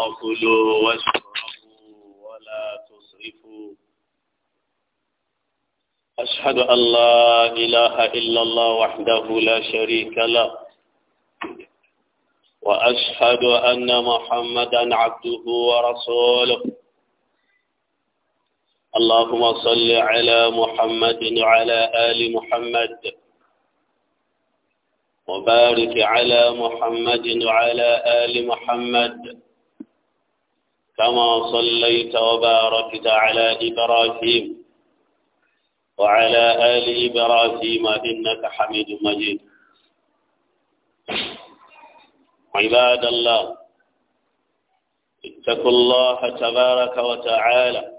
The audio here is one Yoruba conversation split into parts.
وكلوا واشربوا ولا تسرفوا أشهد أن لا إله إلا الله وحده لا شريك له وأشهد أن محمدا عبده ورسوله اللهم صل على محمد وعلى آل محمد وبارك على محمد وعلى آل محمد كما صليت وباركت على إبراهيم وعلى آل إبراهيم إنك حميد مجيد عباد الله اتقوا الله تبارك وتعالى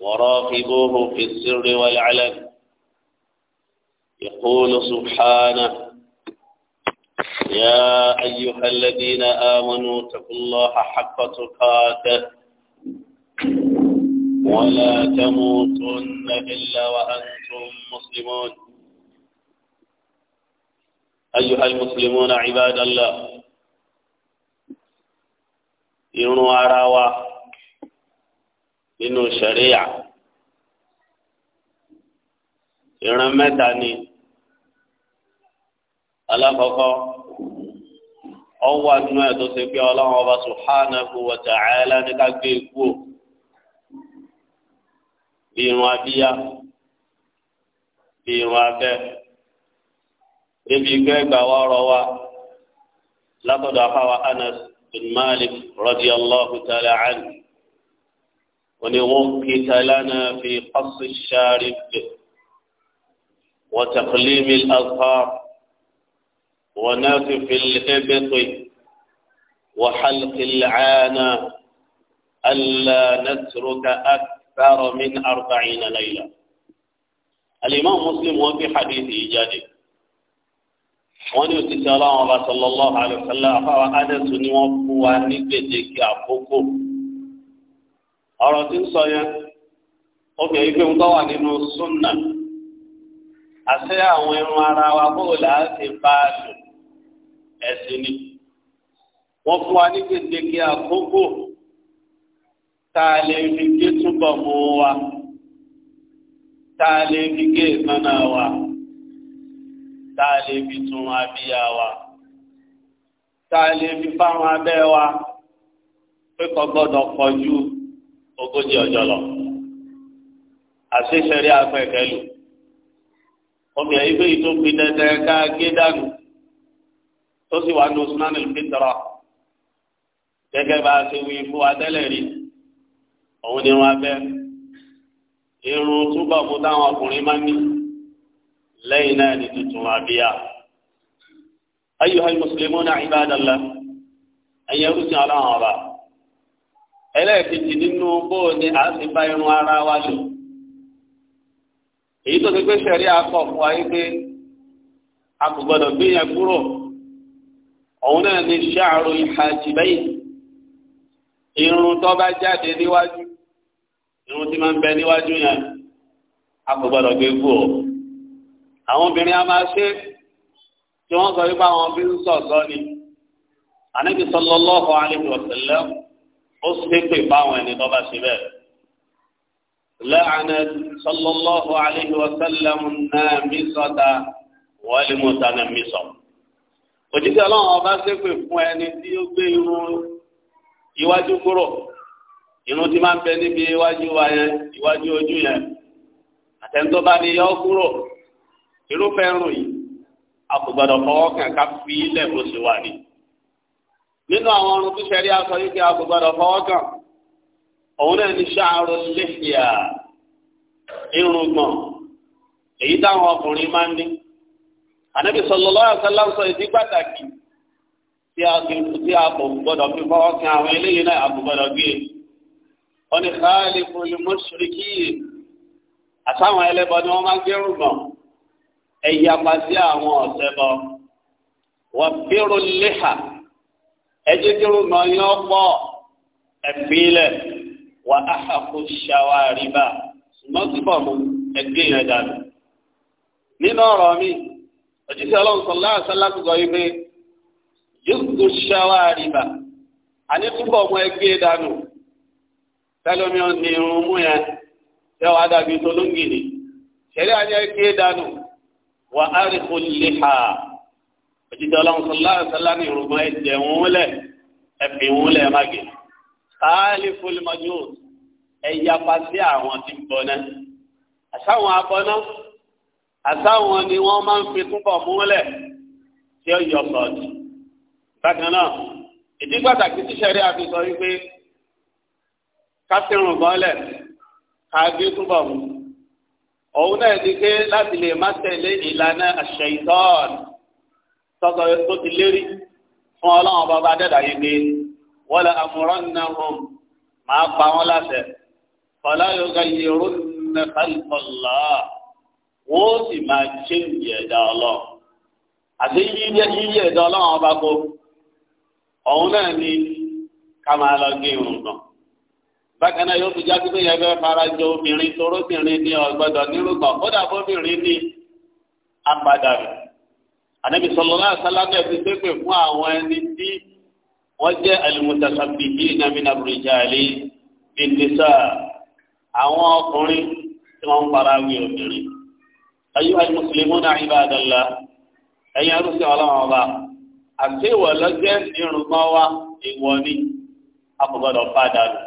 وراقبوه في السر والعلن يقول سبحانه يا أيها الذين آمنوا اتقوا الله حق تقاته ولا تموتن إلا وأنتم مسلمون أيها المسلمون عباد الله irun ara wa شريعة ṣẹ̀ríà ìran alákọ̀ọ́kọ́ ọwọ́ àdúrà ẹ̀ tó ṣe pé ọlọ́run ọba subhanahu wa ta'ala ní ká gbé ikú o bí irun abíyá bí irun abẹ́ débi gbẹ́ ìgbà wa rọ wa látọ̀dọ̀ afáwa Anas bin Malik radiyallahu ta'ala anhu oni wọn kìtà lánàá fi qas ash-sharib wa taqlim ونافف الإبط وحلق العانة ألا نترك أكثر من أربعين ليلة الإمام مسلم وفي حديثه جادي wọ́n ní òtítọ́ ọlọ́run ọba sallallahu alaihi wasallam afáwa adẹ́sùn ni wọ́n fún wa ní gbèdéke àkókò ọ̀rọ̀ tí ń sọ yẹn ó fi èyí pé ń tọ́wà nínú súnnà àṣẹ àwọn irun ara wa bóòlù á ti bá a lò ṣe ni wọ́n fún wa ní gbèdéke àkókò tá a lè fi gé túbọ̀ mọ́ wa tá a lè fi gé ìmọ̀nà wa tá a lè fi tún abíyá wa tá a lè fi fáwọn abẹ́ wa pé kò gbọ́dọ̀ kọjú ogójì ọjọ́ lọ àṣìṣe rí afẹ́kẹ́ lò obìnrin pé ìtòkùn dandan ká gé dànù tó sì wà ní osùnánì lùpítọ́rọ̀ gẹ́gẹ́ bá a ṣe wí fún wa tẹ́lẹ̀ rí òun ni wọn abẹ́ irun túbọ̀ fún táwọn ọkùnrin máa ń ní lẹ́yìn náà ní tuntun àbíyá. ayyuhal muslimuna ibadallah ẹ̀yẹ rúṣin ọlọ́run ọba ẹlẹ́ẹ̀kejì nínú bóò a ti bá irun ara wa lò èyí tó ti gbé sẹ́rí akọ̀ fún wa yí pé a kò gbọ́dọ̀ gbé yẹn kúrò òun náà ni ṣáàrò ìhàjìbẹ́yìn irun tó bá jáde níwájú irun tí máa ń bẹ níwájú yẹn a kò gbọdọ̀ gbé kú o àwọn obìnrin a máa ṣe tí wọ́n sọ wípé àwọn bí ń sọ̀sọ́ ni ànábi sallallahu alaihi wa sallam ó sì pè báwọn ẹni tó bá ṣe bẹ́ẹ̀. la'ana sallallahu alaihi wa sallam an-namisata wal mutanammisah òjijì ọlọ́run ọba ṣépè fún ẹni tí ó gbé irun iwájú kúrò irun tí máa ń bẹ níbi iwájú wa yẹn iwájú ojú yẹn àtẹnudọ́ bá ní yọ kúrò irúfẹ́ irun yìí a kò gbọdọ̀ fọwọ́ kàn ká fi ilẹ̀ bó ṣe wà ní. nínú àwọn ọrùn tó ṣẹlẹ̀ aṣọ yìí kí a kò gbọdọ̀ fọwọ́ kàn òun náà ní ṣáàrò lẹ́hìá irùngbọ̀n èyí táwọn ọkùnrin máa ń ní ànábì sallallahu alaihi wasallam sọ ìdí pàtàkì tí a kì tí a kò gbọdọ̀ fi fọwọ́ kan àwọn eléyìí náà a kò gbọdọ̀ gbé e. wọn ni khaliful mushrikin àtàwọn ẹlẹ́bọ ni wọ́n máa ń gbẹ́rù gbọ̀n ẹ̀yà àwọn ọ̀sẹ̀ bọ̀ wọ́n bírò léhà ẹjẹ́ gbẹ́rù gbọ̀n yọ pọ̀ ẹ̀fílẹ̀ wà áhàkó ṣàwárí bá ṣùgbọ́n síbọ̀ mú ẹgbẹ́ mi òjíṣẹ́ ọlọ́run sọ̀lá àṣálá tó sọ wípé yóò ṣáwá àríbà àní túbọ̀ ọmọ ẹgbẹ́ dànù tẹlomi ọ̀nì irun mú yẹn tẹ wàá dàbí tolóngìnì ṣẹlẹ̀ àní ẹgbẹ́ dànù wà á rí kó lè ha òjíṣẹ́ ọlọ́run sọ̀lá àṣálá ní ìrùmọ̀ ẹ̀jẹ̀ ńlẹ̀ ẹ̀fìn ńlẹ̀ mágè káàlì fúlùmọ́jú ẹ̀yà pàṣẹ àwọn tí bọ̀ náà àṣàwọn abọ́ náà àtàwọn ni wọ́n máa ń fi túbọ̀ múlẹ̀ tí ó yọ sọ̀tì. bákan náà ìdí pàtàkì tí sẹ́rí àfihàn wípé kásìrùn bọ́lẹ̀ káàbí túbọ̀ mú. òun náà ti ké láti lè má tẹ̀lé ìlànà àṣẹ ìtọ́ọ̀n tọ́kọ tó ti lérí fún ọlọ́run bàbá dẹ́dà yìí pé wọ́n lè àmúrán náà hàn máa pa wọ́n láṣẹ. fọlá yìí rún nà kálífọ̀lá. wọ́n sì máa ṣe ìyí ẹ̀dá ọlọ́run àti yíyí ẹ̀dá ọlọ́run ọba kó ọ̀hún náà ni ká máa lọ gé irun gan bákan náà yóò fi yẹn fẹ́ fara jọ obìnrin toróbìnrin ní ọgbọ́dọ̀ nírúgbọ̀n kódà bóbìnrin ní apàdà rẹ̀ ànábì ti pépè fún àwọn ẹni tí wọ́n jẹ́ àwọn ọkùnrin tí wọ́n ń ayuha almuslimuna ibadallah ẹ̀yin arúgbó ọlọ́run ọba àti ìwọ lọ́jẹ́ irùngbọ́n wa ìwọ ni a kò gbọdọ̀ padà lọ.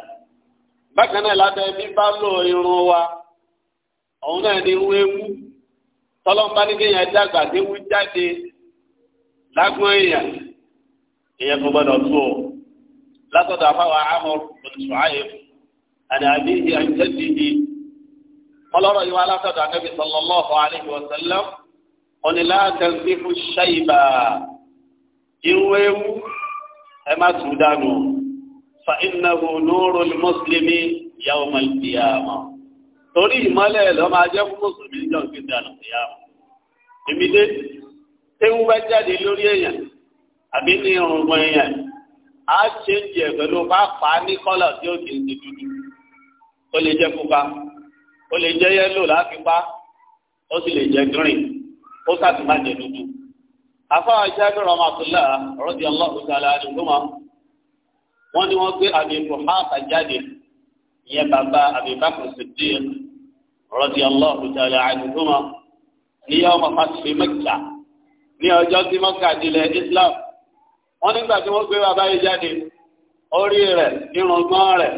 bákan náà lábẹ́ bíbá lò irun wa òun náà ni wéwú tọ́lọ́mbá ní kéèyàn dàgbà tí wú jáde lágbọ́n èèyàn èèyàn kò gbọdọ̀ tó o látọ̀dọ̀ àfáwà amọ̀ bùnṣùáyé àdàbí ìyànjẹ́ dìde ọlọ́rọ̀ yìí wá látọ̀dọ̀ anábì sallallahu alaihi wa sallam fún ṣáìbà ìwé ewu ẹ má tù dànù fa innahu nurul muslimi yawmal qiyamah torí ìmọ́lẹ̀ lọ́ máa jẹ́ fún mùsùlùmí jọ̀ kí dànù ìyàmà èmi dé ewu bá jáde lórí èèyàn àbí ní irùngbọ̀n èèyàn á ṣe ń jẹ pẹ̀lú pápá ní kọ́là tí ó kì í ṣe dúdú ó lè jẹ́ pupa ó lè jẹ́ yẹ́lò láfipá ó sì lè jẹ́ green ó sàtì má jẹ dúdú. afáwọn ìṣẹ́gun ọmọ àtúlá rọ́bì ọlọ́run sàlẹ̀ àdúgbò wọn ni wọ́n gbé àbí muhammad àjáde ìyẹn bàbá àbí bàkùn sèdíyẹ rọ́bì ọlọ́run sàlẹ̀ àdúgbò wọn ní yawma Mẹ́kà ní ọjọ́ tí Mẹ́kà dilẹ̀ Islam wọ́n nígbà tí wọ́n gbé bàbá yìí jáde orí rẹ̀ irùngbọ̀n rẹ̀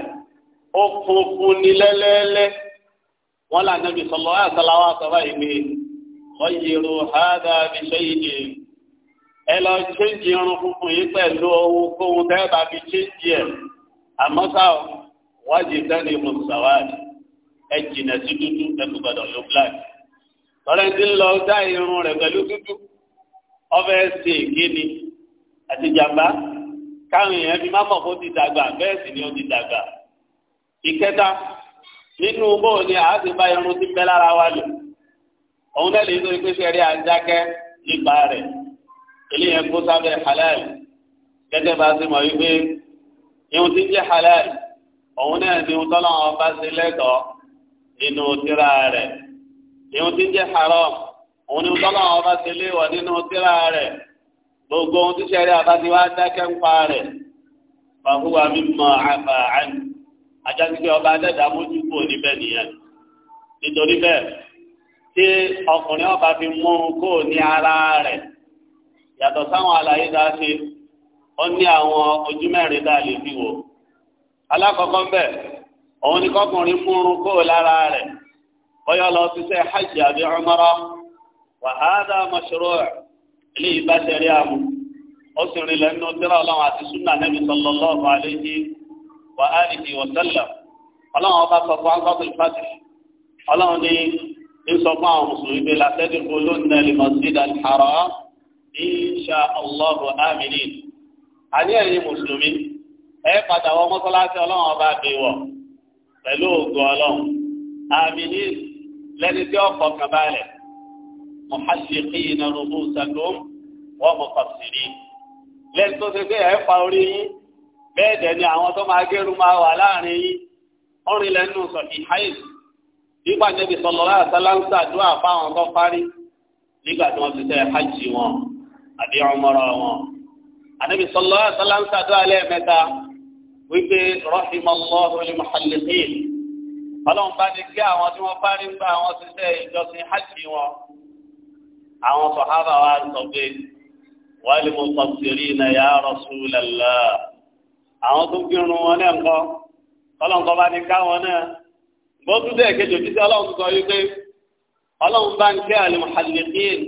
ó funfun ní lẹ́lẹ́lẹ́ wọ́n là nàbì sọlọ ẹ sọlá wa sọ báyìí pé ọyẹrò hádà bí sẹyìn ni ẹ lọ chéńjì irun funfun yìí pẹ̀lú owó kóhun tẹ bá fi chéńjì ẹ àmọ́ sá wájú sẹni mùsàwáàdì ẹ jìnà sí dúdú ẹ tó ló black tọrẹ ń lọ dá irun rẹ̀ pẹ̀lú dúdú ọbẹ ẹsẹ ìkéni àti jàmbá káwọn èèyàn fi má mọ̀ kó ti dàgbà bẹ́ẹ̀ sì ni ó ti dàgbà ìkẹta nínú bóun ni àá ti bá irun ti bẹ́ lára wa lò òun náà lè tó ipé sẹ́rí àjákẹ́ nípa rẹ̀ eléyẹn kó sábẹ́ halal gẹ́gẹ́ bá a ti mọ̀ wípé irun ti jẹ́ halal òun náà ni irun tọ́lọ́ wọn bá ṣe lẹ́tọ̀ọ́ nínú tírà rẹ̀ irun ti jẹ́ haram òun ni irun tọ́lọ́ wọn bá ṣe léwọ̀ nínú tírà rẹ̀ gbogbo ohun tí sẹ́rí àbá ti wá dákẹ́ ń pa rẹ̀ fàhùwà mímọ́ àfààní àjọsíkẹ ọba adẹ́dá mójú kò níbẹ̀ nìyẹn nítorí bẹ́ẹ̀ tí ọkùnrin ọba fi mú kó ní ara rẹ̀ yàtọ̀ sáwọn àlàyé tá a ṣe ó ní àwọn ojú mẹ́rin tá a lè fi wò alákọ̀ọ́kọ́ ń bẹ̀ òun ni kọkùnrin múrun kó lára rẹ̀ bóyá lọ ṣiṣẹ́ hajj àbí umrah wa hadha mashru' ilé ìbáṣẹ̀rí àmú ó sì rìn lẹ́nu tíra ọlọ́run àti súnà nẹ́bí sallallahu alayhi wà á nìyí wọ̀sẹ́lẹ̀ ọlọ́run ọba sọ fún akọ́kọ́ ìfàdé ọlọ́run ní ń sọ fún àwọn mùsùlùmí pé làtẹ́jú olóńnà lè mọ̀ sí ìdáni àrọ́ insha allahu aminin àní ẹ̀yin mùsùlùmí ẹ padà wọ mọ́sálásí ọlọ́run ọba àbẹ̀wọ̀ pẹ̀lú ògùn ọlọ́run aminin lẹ́ni tí ọkọ̀ kan balẹ̀ muhalliqina rubusakum wa muqassirin lẹ́ni tó ṣe pé ẹ̀ fa orí yín bẹ́ẹ̀ dẹ̀ ni àwọn tó máa gẹ́rù máa wà láàrin yín ọ̀rìn lẹ́nu sọ̀tì haid nígbà níbi sọlọ láti sálánsà dúà fáwọn tó parí nígbà tí wọ́n ti tẹ hajj wọn àbí ọmọrọ wọn. àníbi sọlọ láti sálánsà dúà lẹ́ẹ̀mẹ́ta wípé rahimallahu lil muhalliqin ọlọ́run bá ní kí àwọn tí wọ́n parí ń bá àwọn ti tẹ ìjọsìn hajj wọn. àwọn sọ̀hábà wa sọ pé wal muqassirina àwọn tó ń kírun wọn náà ń kọ́ ọlọ́nkọ́ bá ní káwọn náà bó tún dẹ̀ kejì òjíṣẹ́ ọlọ́run sọ yìí pé ọlọ́run bá ń kẹ́ al-muhalliqin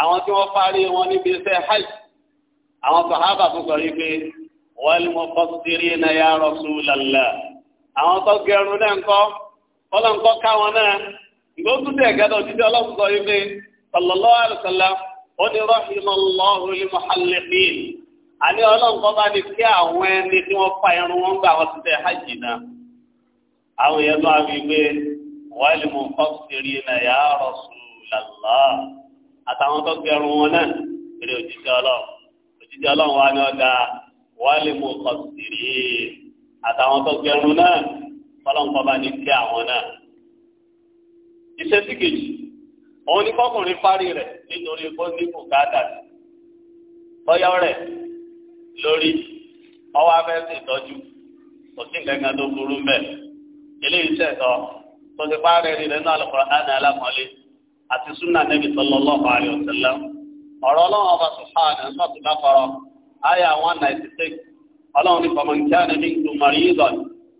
àwọn tí wọ́n parí wọn níbi iṣẹ́ hajj àwọn sàhábà tún sọ yìí pé wal muqassirina ya Rasulallah àwọn tó gẹrun náà ọlọ́nkọ́ káwọn náà bó tún dẹ̀ kejì òjíṣẹ́ ọlọ́run sọ yìí pé sallallahu alaihi ó ní rahimallahu àní ọlọ́run kan bá ní kí àwọn ẹni tí wọ́n fa irun wọn gbà wọ́n ti tẹ hajj náà àwọn yẹn tó àwọn ìgbé wàhálì mọ̀ fọ́ọ̀sìrì náà yà á Rasulullah àtàwọn tó gẹrun wọn náà eré òjíṣẹ́ ọlọ́run òjíṣẹ́ ọlọ́run wa ni ọ̀gá wàhálì mọ̀ fọ́ọ̀sìrì àtàwọn tó gẹrun náà ọlọ́run kan bá ní kí àwọn náà. iṣẹ́ tí kejì òun ni kọkùnrin parí rẹ̀ nítorí bó ní bùkátà bọ́yá rẹ̀ lórí ọwọ́ afẹ́sẹ̀ ìtọ́jú kò sí nǹkan kan tó burú mbẹ́ eléyìí sẹ̀tọ́ tó ti parí rí rẹ̀ náà Al-Qur'an alákọ̀ọ́lé àti súnà Nabi sallallahu alaihi wasallam ọ̀rọ̀ ọlọ́run ọba subhanahu sọ́ọ̀tù bá kọ̀rọ̀ àyà one ninety six ọlọ́run ní kọ̀mọ̀nkí ànàbí ìgbìmọ̀rì yìí lọ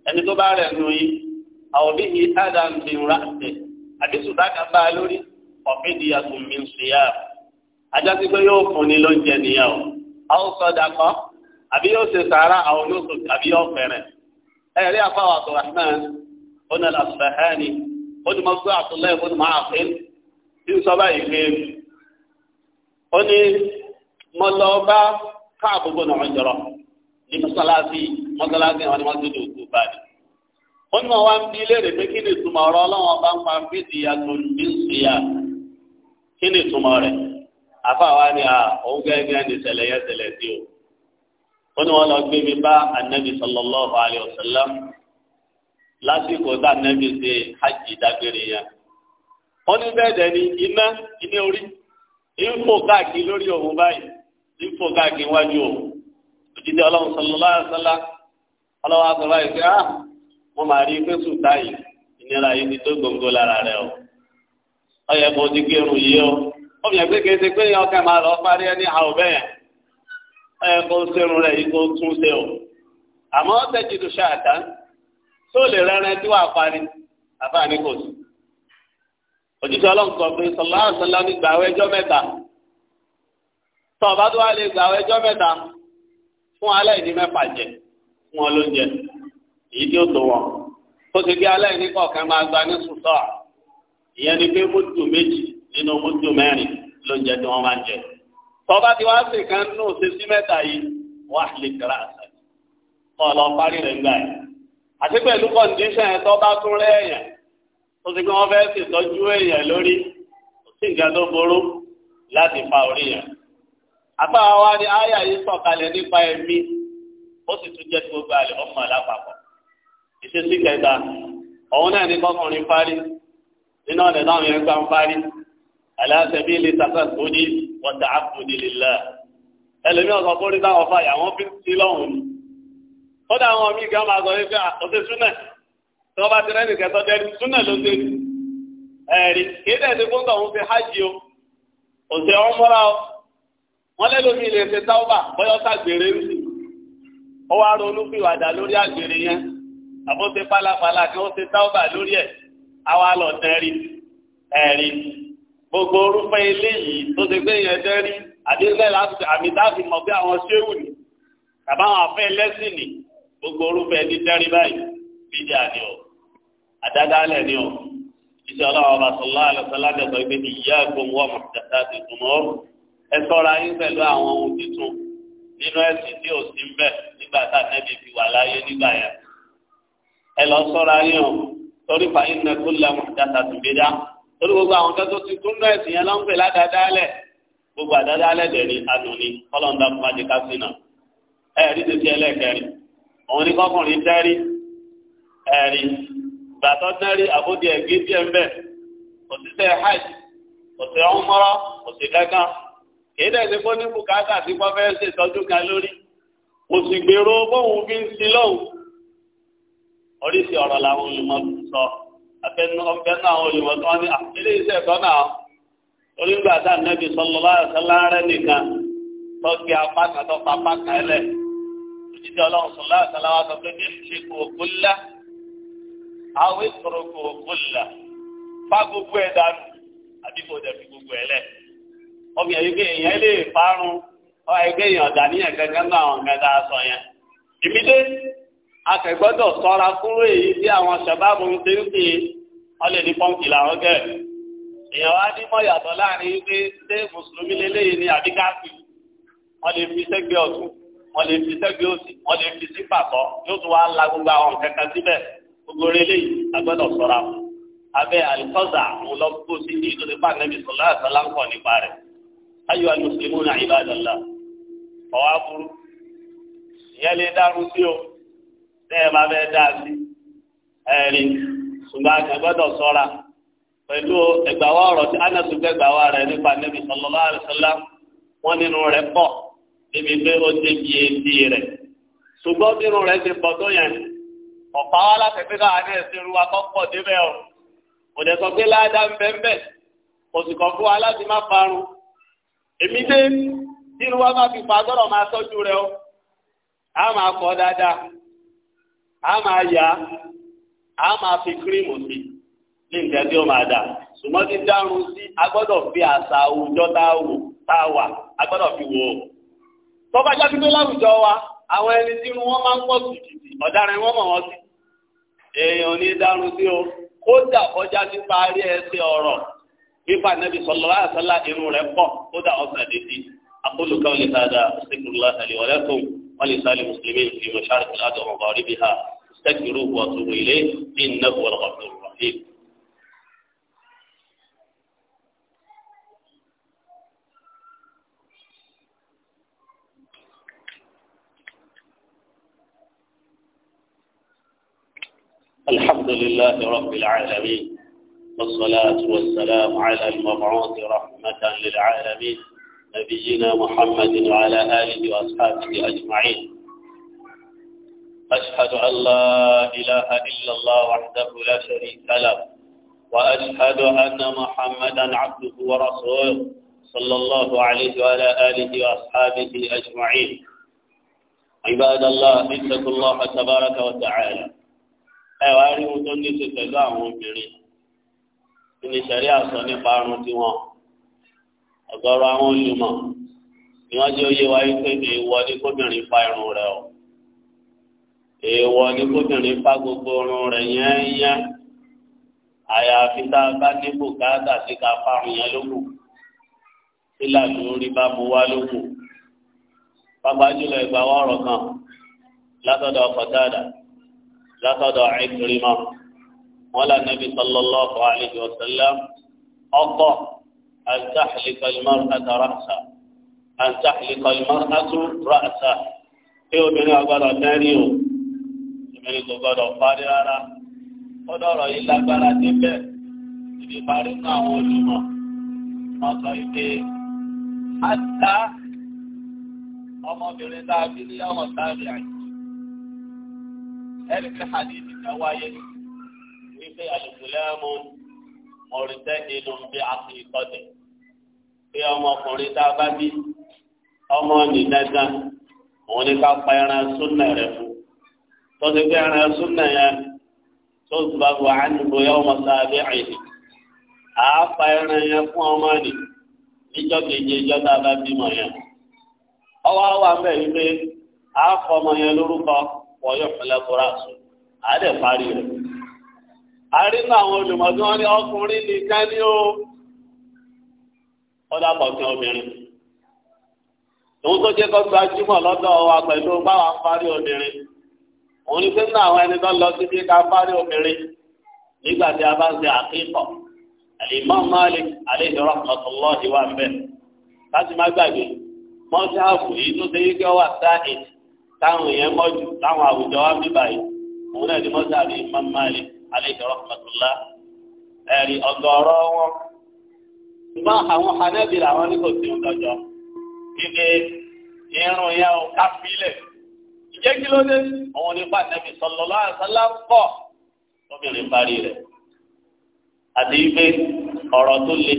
ẹni tó bá rẹ̀ nù yín àwọn bí yìí ádám ti rà ṣe àdísùn bá kan bá a lórí ọ̀fíìdì àtúnmí ń ṣe yá ajá sí pé yóò fún ni lóúnjẹ nìyà àwọn sọdà kọ àbí yóò ṣe sàárà àwọn olóòtú àbí yóò fẹrẹ ẹ rí afáwà tó rahman ọ̀nà àfẹ́hẹ́ni ó ní mo gbé àtúnlẹ̀ ó ní mo àfẹ́ jọrọ ní mọ́sálásí mọ́sálásí di àfàwa ni à ah, òun gẹ́gẹ́ ní ṣẹlẹ̀ yẹn ṣẹlẹ̀ sí o wọ́n ní wọ́n lọ gbé mi bá anabi sallallahu alayhi wa sallam lásìkò tá anabi ṣe hajj dágbére yẹn wọ́n ní bẹ́ẹ̀ dẹ̀ ni iná iná orí ìfò káàkiri lórí òun báyìí ìfò káàkiri wájú òun òjijì ọlọ́run sallallahu alayhi wa sallam ọlọ́wọ́ àgbàlá yìí pé ah wọ́n máa rí pé táyì ìnira yìí ti tó gbòǹgbò lára rẹ̀ o ọ̀yẹ̀ kò ti gbé yìí o ọmọ yẹn pé kìí ṣe pé ọkàn máa lọ parí ẹni àwọ̀ bẹ́ẹ̀ ẹ kó sẹ́run rẹ̀ yìí kó tún ṣe o àmọ́ tẹ́jì tó ṣe àtà tó lè rẹ́rẹ́ tí wàá parí àbá ní kò sí. òjijì ọlọ́nkọ̀ pé sọlá àṣọlá ní gbàwé ẹjọ́ mẹ́ta tó ọba tó wà lè gbàwé ẹjọ́ mẹ́ta fún aláìní mẹ́fà jẹ fún ọ lóúnjẹ èyí tí ó tó wọn tó ti gbé aláìní kọ̀ọ̀kan máa gba ní sùtọ́ ìyẹn ni pé mọ́tò méjì nínú mútu mẹ́rin ló ń jẹ tí wọ́n máa ń jẹ. tọ́ba tí wàá sì kan nù ṣe sí mẹ́ta yìí wàá lè kíra àṣà yìí. kọ́ ọ lọ parí rẹ̀ ńgbà yìí. àti pẹ̀lú kọ́ndíṣàn ẹ̀ tọ́ba tún rẹ̀ èèyàn tó ti pé wọ́n fẹ́ ṣètọ́jú èèyàn lórí kò sí nǹkan tó ború láti fa orí yẹn. àpá wa ni àyà yìí sọ̀kalẹ̀ nípa ẹ̀mí ó sì tún jẹ́ tí gbogbo àlè ọmọ alápapọ̀. ìṣesí kẹta ọ̀hún náà ní kọ́kùnrin parí nínú ọ̀dẹ̀ táwọn yẹn gbà ń parí ala sabili tafaddudi wa ta'abbudi lillah ẹlẹ́mi ọ̀sán tó rí táwọn fàyà wọ́n fi sí lọ́hùn ni kódà àwọn míì kan máa sọ wípé àkọsí ah, súnà tí wọ́n bá ti rẹ́ nìkẹ́ sọ́jọ́ ẹni súnà ló ṣe ẹ̀rí kí dẹ̀ ti fún tọ̀hún ṣe hajj o kò ṣe ọ́n mọ́ra o wọ́n lẹ́lómi lè ṣe táwọ́bà bọ́yọ́ sàgbèrè ń sì ó wá ronú fìwàdà lórí àgbèrè yẹn àbó pálapàla kí wọ́n ṣe táwọ́bà lórí ẹ̀ àwa lọ tẹ́rì ẹ̀rí gbogbo orúkọ eléyìí tó ti gbé yẹn dẹ́rí àdéhùn láti àmì dáàbì mọ̀ bí àwọn ṣéwù ni tàbá àwọn afẹ́ lẹ́sìn ni gbogbo orúkọ ẹni dẹ́rí báyìí bíjà ni o àdádálẹ̀ ni o iṣẹ́ ọlọ́wọ́ bá sọ lọ́wọ́ àlọ́sọ́lá dẹ̀sọ́ ibi ni ìyá ẹ̀gbọ́n wọ́n mọ̀ tẹ̀sán ti tún mọ́ ẹ sọ́ra yín pẹ̀lú àwọn ohun tuntun nínú ẹ̀sìn tí ò sí mbẹ̀ nígbà tá a nẹ́bi fi wà láyé nígbà yẹn ẹ lọ sọ́ra yín o torí fàyín nẹ́kúlẹ̀ mọ̀ tẹ̀sán ti gbé dá torí gbogbo àwọn kan tó ti tún lọ ẹ̀sìn yẹn lọ́npẹ̀ ládàádáálẹ̀ gbogbo àdáadáálẹ̀ dẹ̀ ni adùnni kọ́lọ́ńdà fún májè kásínà ẹ̀rí ti ti ẹlẹ́ẹ̀kẹrin òun ni kọkùnrin tẹ́rí ẹ̀rí gbàtọ́ tẹ́rí àbódi ẹ̀gbé ń bẹ̀ hajj ọmọrọ kankan kì í dẹ̀ ṣe fún nípò káàkà sí pọ́fẹ́ ṣe ìtọ́jú kan lórí ń oríṣi ọ̀rọ̀ làwọn olùmọ̀ sọ abẹnugọ́bẹ́nà àwọn olùmọ̀tọ́ ní àpẹẹlẹ iṣẹ́ ẹ̀kọ́ náà onígbà tá nẹ́bí sọlọ́lá ẹ̀sẹ̀láńrẹ́ nìkan tọ́gbẹ́ apákàtọ́ papákà ẹlẹ̀ òjijì ọlọ́run sọlá ẹ̀sẹ̀láwà sọ pé kí ṣe kò kúlá àwọn ìṣòro kò kúlá fá gbogbo ẹ̀ dànù àbí kò dẹ̀bi gbogbo ẹ̀ lẹ̀ ọmọ yẹn pé èèyàn lè parun ọ ẹgbẹ́ èèyàn dàníyàn gẹ́gẹ́ náà àwọn gẹ́gẹ́ akẹgbọ́dọ̀ sọ́ra kúrò èyí tí àwọn sàbáàbù ń ṣe ń pè ọlẹ́ ní pọ́ǹkì làwọn gẹ̀. èèyàn wá ní mọ̀yàtọ̀ láàrin wípé ṣé mùsùlùmí lélẹ́yìn ni àbí káfí wọ́n lè fi sẹ́gbẹ́ ọ̀tún wọ́n lè fi sẹ́gbẹ́ òsì wọ́n lè fi sí pàtọ́ yóò tún wá la gbogbo àwọn kankan síbẹ̀ gbogbo eléyìí agbọ́dọ̀ sọ́ra fún abẹ́ alikọ́sà mo lọ kó sí ní ìtòlè fún anabi sọlá àtàlà ń kọ́ nípa rẹ̀ ayọ̀ alimusilimu náà ibadallah ọ̀wá burú ìyẹn lè dárú sí o tẹ́ ẹ bá fẹ́ dá sí ẹ̀rí ṣùgbọ́n a gbọ́dọ̀ sọ́ra pẹ̀lú ẹgbàwá ọ̀rọ̀ tí anásù gbẹgbàwá rẹ̀ nípa níbi sọlọ́lá àrẹsọ́lá wọn nínú rẹ̀ pọ̀ níbi pé ó débi etí rẹ̀ ṣùgbọ́n nínú rẹ̀ ti pọ̀ tó yẹn ọ̀pá wa láti pé káwa ní ẹ̀sìn irú wa kọ́kọ́ débẹ̀ o kò dẹ̀ sọ pé láàdá ń bẹ́ ń bẹ̀ kò sì kọ̀ fún wa láti má parun èmi dé nínú wa bá fi pa gbọ́dọ̀ máa tọ́jú rẹ o á máa kọ́ dáadáa a ma ya, a ma fi kírímù sí ní nǹkan tí ó máa dà ṣùgbọ́n ti dárun sí a fi àṣà àwùjọ tá a wò tá a wà fi wò ó. wa àwọn ẹni tí wọ́n máa ń pọ̀ sí jìjì ọ̀daràn wọn mọ̀ wọ́n sí. èèyàn ní dárun sí o kódà ọjà ti parí ẹsẹ̀ ọ̀rọ̀ fífa nàbì sallallahu alaihi wasallam irun rẹ̀ pọ̀ kódà ọ̀sán àdéhìí aqulu ولسائر المسلمين في مشارق الأرض ومغاربها استغفروه واتوبوا إليه إنه هو الغفور الرحيم الحمد لله رب العالمين والصلاة والسلام على المبعوث رحمة للعالمين نبينا محمد وعلى آله وأصحابه أجمعين أشهد أن لا إله إلا الله وحده لا شريك له وأشهد أن محمدا عبده ورسوله صلى الله عليه وعلى آله وأصحابه أجمعين عباد الله اتقوا الله تبارك وتعالى أيها rí ohun الله ní ṣe pẹ̀lú àwọn obìnrin ní ṣẹ̀rí àṣọ ọ̀gọ̀rọ̀ àwọn olùmọ̀ ni wọ́n jẹ́ oyé wa wípé èèwọ̀ ni kóbìnrin fa irun rẹ̀ o èèwọ̀ ni kóbìnrin fa gbogbo irun rẹ̀ yẹ́nyẹ́ àyàfi tá a bá ní bùkátà sí ká fárun yẹn lókù sílà lórí bá mu wá lókù pápá jùlọ ìgbà wọ́ọ̀rọ̀ kan látọ̀dọ̀ Qatada látọ̀dọ̀ Ikrimah wọn là Nabi sallallahu alaihi wasallam ọkọ̀. أن تحلق المرأة رأسها أن تحلق المرأة رأسها pé obìnrin ọgbọ́dọ̀ dẹ́rí o obìnrin kò gbọ́dọ̀ parí rárá ó dọ̀rọ̀ yìí lágbára débẹ̀ ibi parí fún àwọn olùmọ̀ wọ́n sọ pé àtà ọmọbìnrin tá a bí ní ọmọ sáré àyè ẹnì kan hàdí ìdìkan wáyé wípé àlùkò lẹ́mọ̀ọ́. mọ̀rìtẹ́ni ló ń bí àti pé ọmọkùnrin tá a bá bí ọmọ nìdẹ́gàn òun ká pa ẹran súnà rẹ fún tọ́sí pé ẹran súnà yẹn tó bá wà á yẹ ọmọ sáábẹ́ àìní à á pa ẹran yẹn fún ọmọ nì a bá bímọ yẹn ọwọ́ àwọn àbẹ̀ yìí pé àrínà àwọn olùmọ̀tí wọn ní ọkùnrin nìkan ní ó ọdá pọ̀kẹ́ obìnrin òun tó jẹ́ kọ́sọ́ ajímọ̀ lọ́dọ̀ wa pẹ̀lú báwa ń parí obìnrin òun ni pé nínú àwọn ẹni tó lọ sí pé ká parí obìnrin nígbà tí a bá ń ṣe àkíkọ̀ Imam Malik alayhi rahmatullahi wa ń bẹ̀ láti má gbàgbé mọ́ṣáàbù yìí tó ṣe yí kí ọ wà sáà táwọn èèyàn mọ́jú táwọn àwùjọ wa ń yìí òun náà ni mọ́ṣáàbù Imam Malik aleyhi rahmatulah ẹ̀rí ọ̀gọ̀ọ̀rọ̀ wọn. ṣùgbọ́n àwọn hanẹ́bìlà wọn ní kò sí ọ̀dọ́jọ́ kíkẹ́ irun yẹn ò ká sílẹ̀. ìjẹ́ kí ló dé? òun ní pàtẹ́bí sọlọ́lá àṣálá ń kọ́ lóbìnrin parí rẹ̀. àti ife ọ̀rọ̀ tó le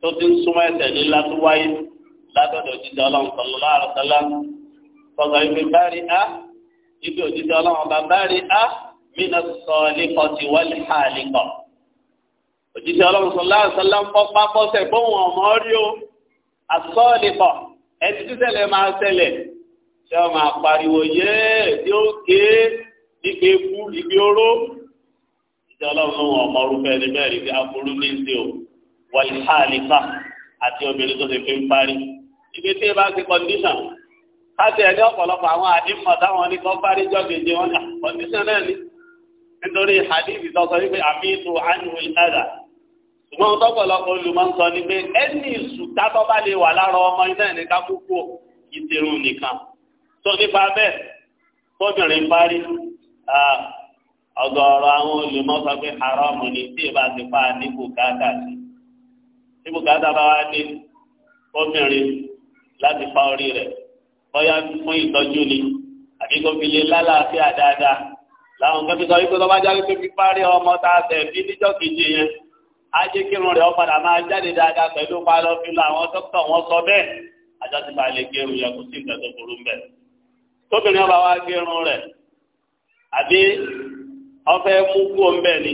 tó ti ń súnmọ́ ẹsẹ̀ líla tó wáyé látọ̀dọ̀ jíjẹ ọlọ́run sọlọ́lá àṣálá sọ̀rọ̀ ife bá rí á ibi òjíjẹ ọlọ́run ọba bá rí á. Ah, mina sọ̀ọ́lìkọ̀ ti wọ́lì hàlìkọ̀. òjijì ọlọ́run sọ̀lá sọ̀lá ń pọ́ pápọ́sẹ̀ bóun ọmọ rí o asọ́ọ̀lìkọ̀ ẹtí sísẹ̀lẹ̀ máa ṣẹlẹ̀ ṣé ọ máa pariwo yé tí ó ké ike kú ike oró. ìjọ ọlọ́run ló ń ọmọ orúkọ ẹni bẹ́ẹ̀ rí aburú ní ìdí o wọ́lì hàlìkọ̀ àti obìnrin tó ti fi ń parí. ibi tí ẹ bá ti kọ́ndíṣàn káṣí ẹ̀dẹ́ ọ̀pọ̀lọpọ̀ àwọn àdìmọ̀ táwọn oníkan parí jọ́gẹ̀dẹ̀ wọn kọ́ndíṣàn náà ni nítorí hadithi tó sọ wípé àmìtò ánìwò ìtàdà ṣùgbọ́n tọ́pọ̀lọpọ̀ olùmọ̀sọ ni pé ẹni ìṣùtá tó bá lè wà lára ọmọ iná ẹ̀ ní kákókò ìdèrú nìkan tó nípa bẹ́ẹ̀ tóbìnrin parí ọ̀gọ̀ọ̀rọ̀ àwọn olùmọ̀sọ pé haram ni tí ì bá ti pa ní bùkátà sí ní bùkátà bá wá ní obìnrin láti pa orí rẹ̀ bóyá fún ìtọ́jú ni àbí kò fi lè lálàáfíà dáadáa làwọn kan ti sọ wípé tọ́ba jáde tó fi parí ọmọ tá a tẹ̀ bí níjọ́ kejì yẹn ajé kírun rẹ̀ ọ̀padà máa jáde dáadáa pẹ̀lú palọ́ fi lọ àwọn dókítà wọn sọ bẹ́ẹ̀ ajá ti máa lè gẹrun yẹn kò sí nǹkan tó burú mbẹ. tóbìnrin ọba wa gẹrun rẹ̀ àbí ọfẹ́ mú kú mbẹ ni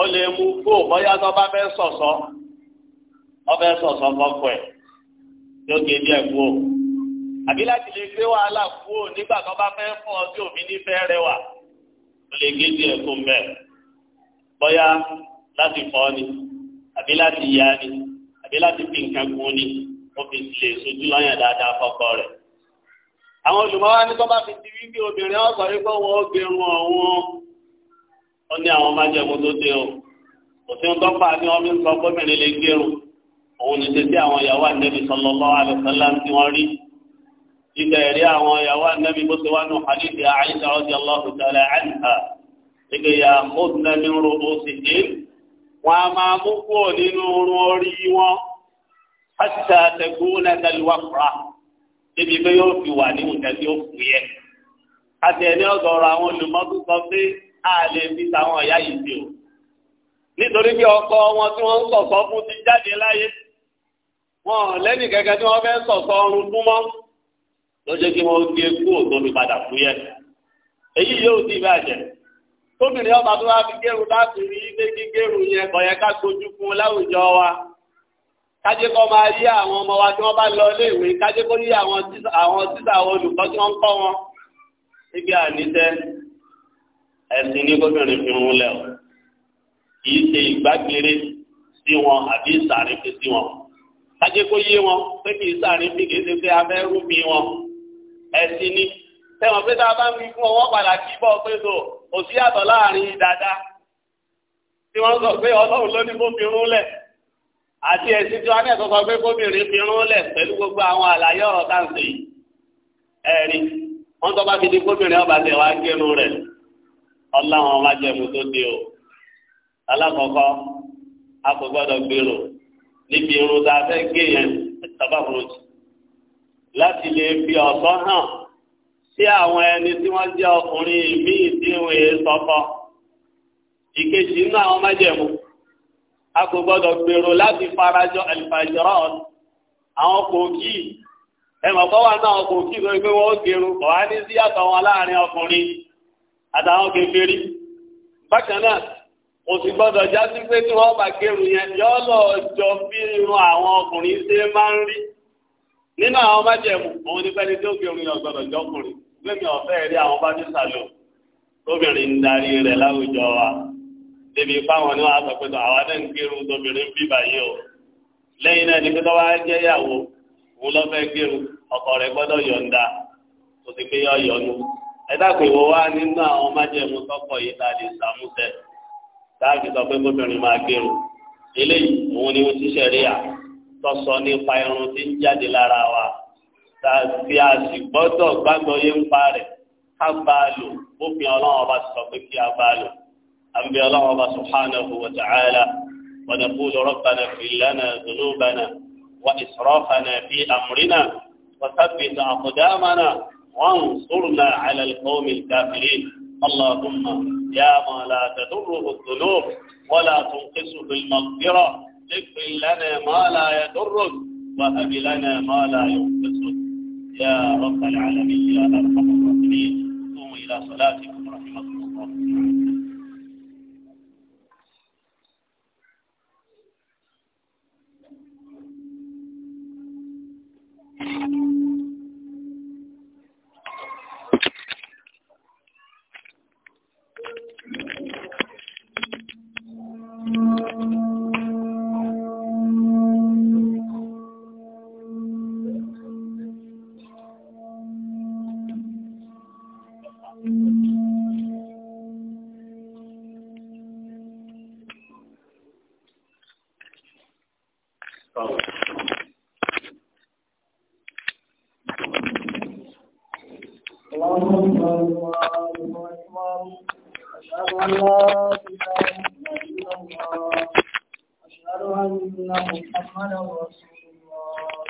ó lè mú kú bóyá tọ́ba fẹ́ sọ̀sọ́ ọfẹ́ sọ̀sọ́ fọ́kọ̀ ẹ̀ yóò gé díẹ̀ kú o àbí láti lè gbé wàhálà kúrò nígbà tó bá fẹ́ fún ọ tí òfin nífẹ̀ẹ́ rẹ wà ó lè gé díẹ̀ kó mẹ́ bóyá láti fọ́ ni àbí láti yá ni àbí láti fi nǹkan gun ni ó fi lè sojú lọ́yàn dáadáa fọ́kọ rẹ̀. àwọn olùmọ̀wá ní kọ́ bá fi ti wíwí obìnrin ọ̀sọ̀ rí pé wọ́n gbẹrun ọ̀hún ó ní àwọn májẹ̀mú tó dé o kò sí ohun tó fà á ní wọ́n fi ń sọ gómìnà lè gbẹrun òun ní tètè àwọn ìyàwó àtẹ́bí sallallahu alaihi wasallam tí rí ìgbà ẹ̀rí àwọn ìyàwó anábì bó ṣe wá nù hadithi àìsà radiyallahu ta'ala anha ìgbà ìyà mọ́tìnà ní rún oṣù dé wọn a máa mú kúrò nínú rún orí wọn hatta takuna al-wafra níbi pé yóò fi wà ní nǹkan tí ó fún yẹ àti ẹni àwọn olùmọ́tò sọ pé a lè fi tàwọn ọ̀yá yìí sí o nítorí pé ọkọ wọn tí wọ́n ń sọ̀sọ́ fún ti jáde láyé wọn lẹ́nì kẹ̀kẹ́ tí wọ́n fẹ́ sọ̀sọ́ ọrùn fún mọ́ lọ́jọ́ kí wọ́n gé kú òtó mi padà fún yẹ. èyí yóò di ìbàjẹ́ tóbìnrin ọba tó wá fi gẹ́rù láti rí ilé gígẹ́rù yẹn kọ̀yẹ́ ká gbójú fún láwùjọ wa kájé kọ́ máa yí àwọn ọmọ wa tí wọ́n bá lọ léèwé kájé kó yí àwọn títà àwọn olùkọ́ tí wọ́n ń kọ́ wọn níbi àníṣẹ́ ẹ̀sìn ní gómìnrin fi rún lẹ̀ kìí ṣe ìgbàgbére sí wọn àbí ìsàrífi sí wọn kájé kó yé wọn pé kìí sàrífi kìí ẹ̀sìn ni tẹ̀wọ̀n pé tá a bá ń wí fún ọ wọ́n padà kí bọ́ pé tó kò sí yàtọ̀ láàrin dáadáa tí wọ́n sọ pé ọlọ́run ló ní kó fi rún lẹ̀ àti ẹ̀sìn tí wọ́n ní ẹ̀kọ́ sọ pé kóbìnrin fi rún lẹ̀ pẹ̀lú gbogbo àwọn àlàyé ọ̀rọ̀ táǹsì yìí ẹ̀rí wọ́n tọ́ bá fi di kóbìnrin ọba tẹ̀ wá gẹ́rù rẹ̀ ọláwọn ọmọ ajẹ́mu tó di o alákọ̀ọ́kọ́ a kò gbọ́dọ̀ gbèrò níbi irun tá a fẹ́ gé yẹn tọ́ba fún láti lè fi ọ̀tọ̀ hàn sí àwọn ẹni tí wọ́n jẹ́ ọkùnrin míì tí wọ́n yé sọ́kọ. ìkejì nínú àwọn májẹ̀mú a kò gbọ́dọ̀ gbèrò láti farajọ àlìfàjọ́rọ́ àwọn kòkí ẹ̀mọ̀ kọ́ wà náà kòkí sọ pé wọ́n gẹrun kọ̀ wá ní síyàtọ̀ wọn láàrin ọkùnrin àtàwọn kèfèrí bákan náà kò sì gbọ́dọ̀ já sí pé tí wọ́n bá gẹrun yẹn yọ́ lọ́ọ́ jọ bí irun àwọn ọkùnrin ṣe máa ń rí nínú àwọn májẹ̀mú òun ní pẹ́ni tó fi orin ọ̀gbọ̀dọ̀ jọkùnrin gbẹ̀mí ọ̀fẹ́ rí àwọn bá ti tóbìnrin darí rẹ̀ láwùjọ wa débi fáwọn ní wàá sọ pé tó àwa náà ń tóbìnrin bí báyìí o lẹ́yìn náà ní pé tó jẹ́ ìyàwó òun lọ fẹ́ ọkọ rẹ̀ gbọ́dọ̀ yọ̀ǹda tó ti pé yọ yọnu ẹ dákun ìwọ wá nínú àwọn májẹ̀mú tọkọ yìí a lè sàmúsẹ sọ tọ́sọ nípa irun tí ń jáde lára wa tàbí a sì gbọ́dọ̀ gbàgbọ́ yé ń pa rẹ̀ ká bá a lò bófin ọlọ́run ọba sọ pé kí a bá a lò àbí ọlọ́run ọba subhanahu wa ta'ala wa naqulu rabbana ighfir lana dhunubana wa israfana fi amrina wa thabbit aqdamana وانصرنا على القوم الكافرين اللهم يا ما لا تضره الذنوب ولا تنقصه المغفره اغفر لنا ما لا يضرك وهب لنا ما لا ينقصك يا رب العالمين يا ارحم الراحمين قوموا الى صلاتكم